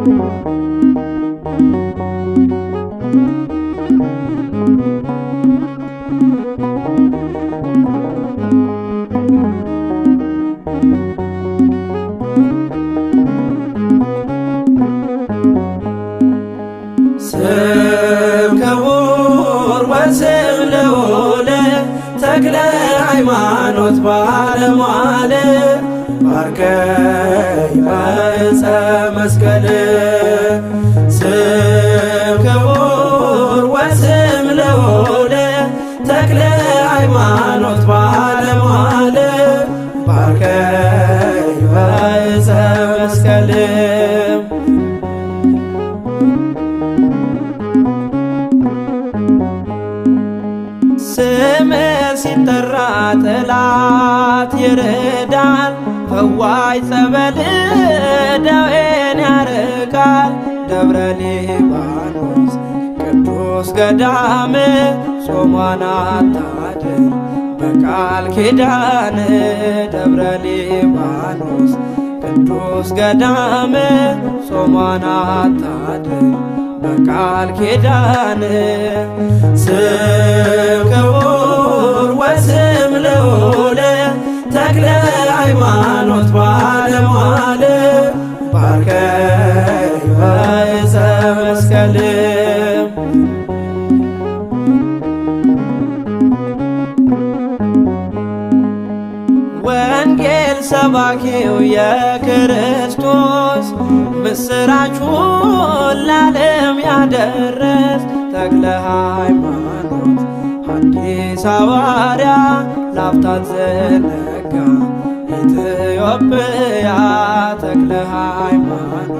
ስም ክቡር ወስም ለሆነ ተክለ ሃይማኖት ባለሟል ባርከኝ በዕፀ መስቀል ስም ክቡር ወስም ለሆነ ተክለ ሃይማኖት ባለመዋል ባርከኝ በዕፀ መስቀል ስም ሲጠራ ጠላት ይርዳል ፈዋይ ጸበል ደዌን ያርቃል ደብረ ሊባኖስ ቅዱስ ገዳም ጾሟን አታድር በቃል ኪዳን ደብረ ሊባኖስ ቅዱስ ገዳም ጾሟን አታድር በቃል ኪዳን ስም ክቡር ወስም ልዑል ተክለ ሃይማኖት ባለሟል ባርከኝ በዕፀ መስቀል ወንጌል ሰባኪው የክርስቶስ ምስራቹን ላለም ያደረስ ተክለ ሃይማኖት አዲስ ሐዋርያ ላፍታት ዘነጋ ኢትዮጵያ ተክለ ሃይማኖት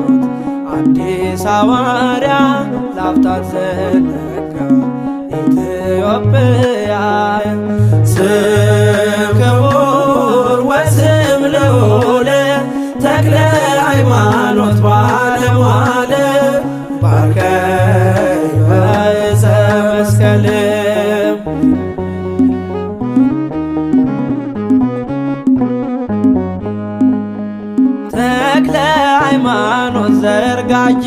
አዲስ ሐዋርያ ላፍታት ዘነጋ ኢትዮጵያ ስም ክቡር ወስም ልዑል ተክለ ሃይማኖት ባለሟል አዘጋጀ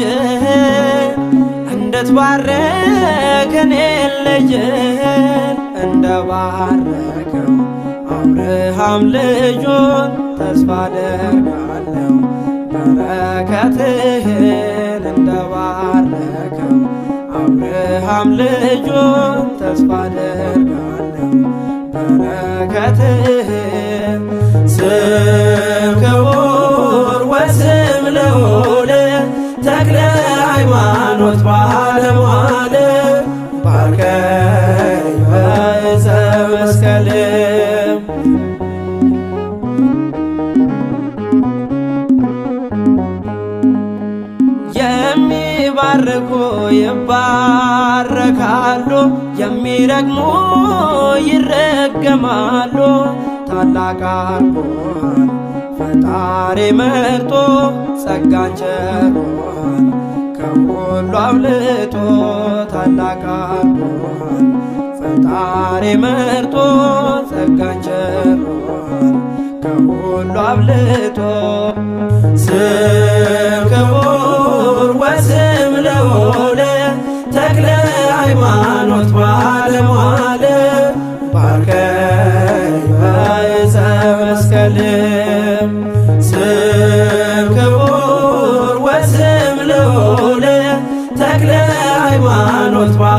እንዴት ባረከን የለየን እንደባረከው አብርሃም ልጆን ተስፋ አደርጋለሁ በረከትህን እንደባረከው አብርሃም ልጆን ተስፋ አደርጋለሁ በረከትህን ሞት ባለሟለ ባርከኝ በዕፀ መስቀል የሚባርኩ ይባረካሉ፣ የሚረግሙ ይረገማሉ። ታላቅ አርጎን ፈጣሪ መርጦ ጸጋን ቸሮን ከሁሉ አብልጦ ታላቅ አድርጎን ፈጣሪ መርጦ ጸጋን ቸሮን ከሁሉ አብልጦ ስም ክቡር ወስም ለሆነ ተክለ ሃይማኖት ባለሟለ was why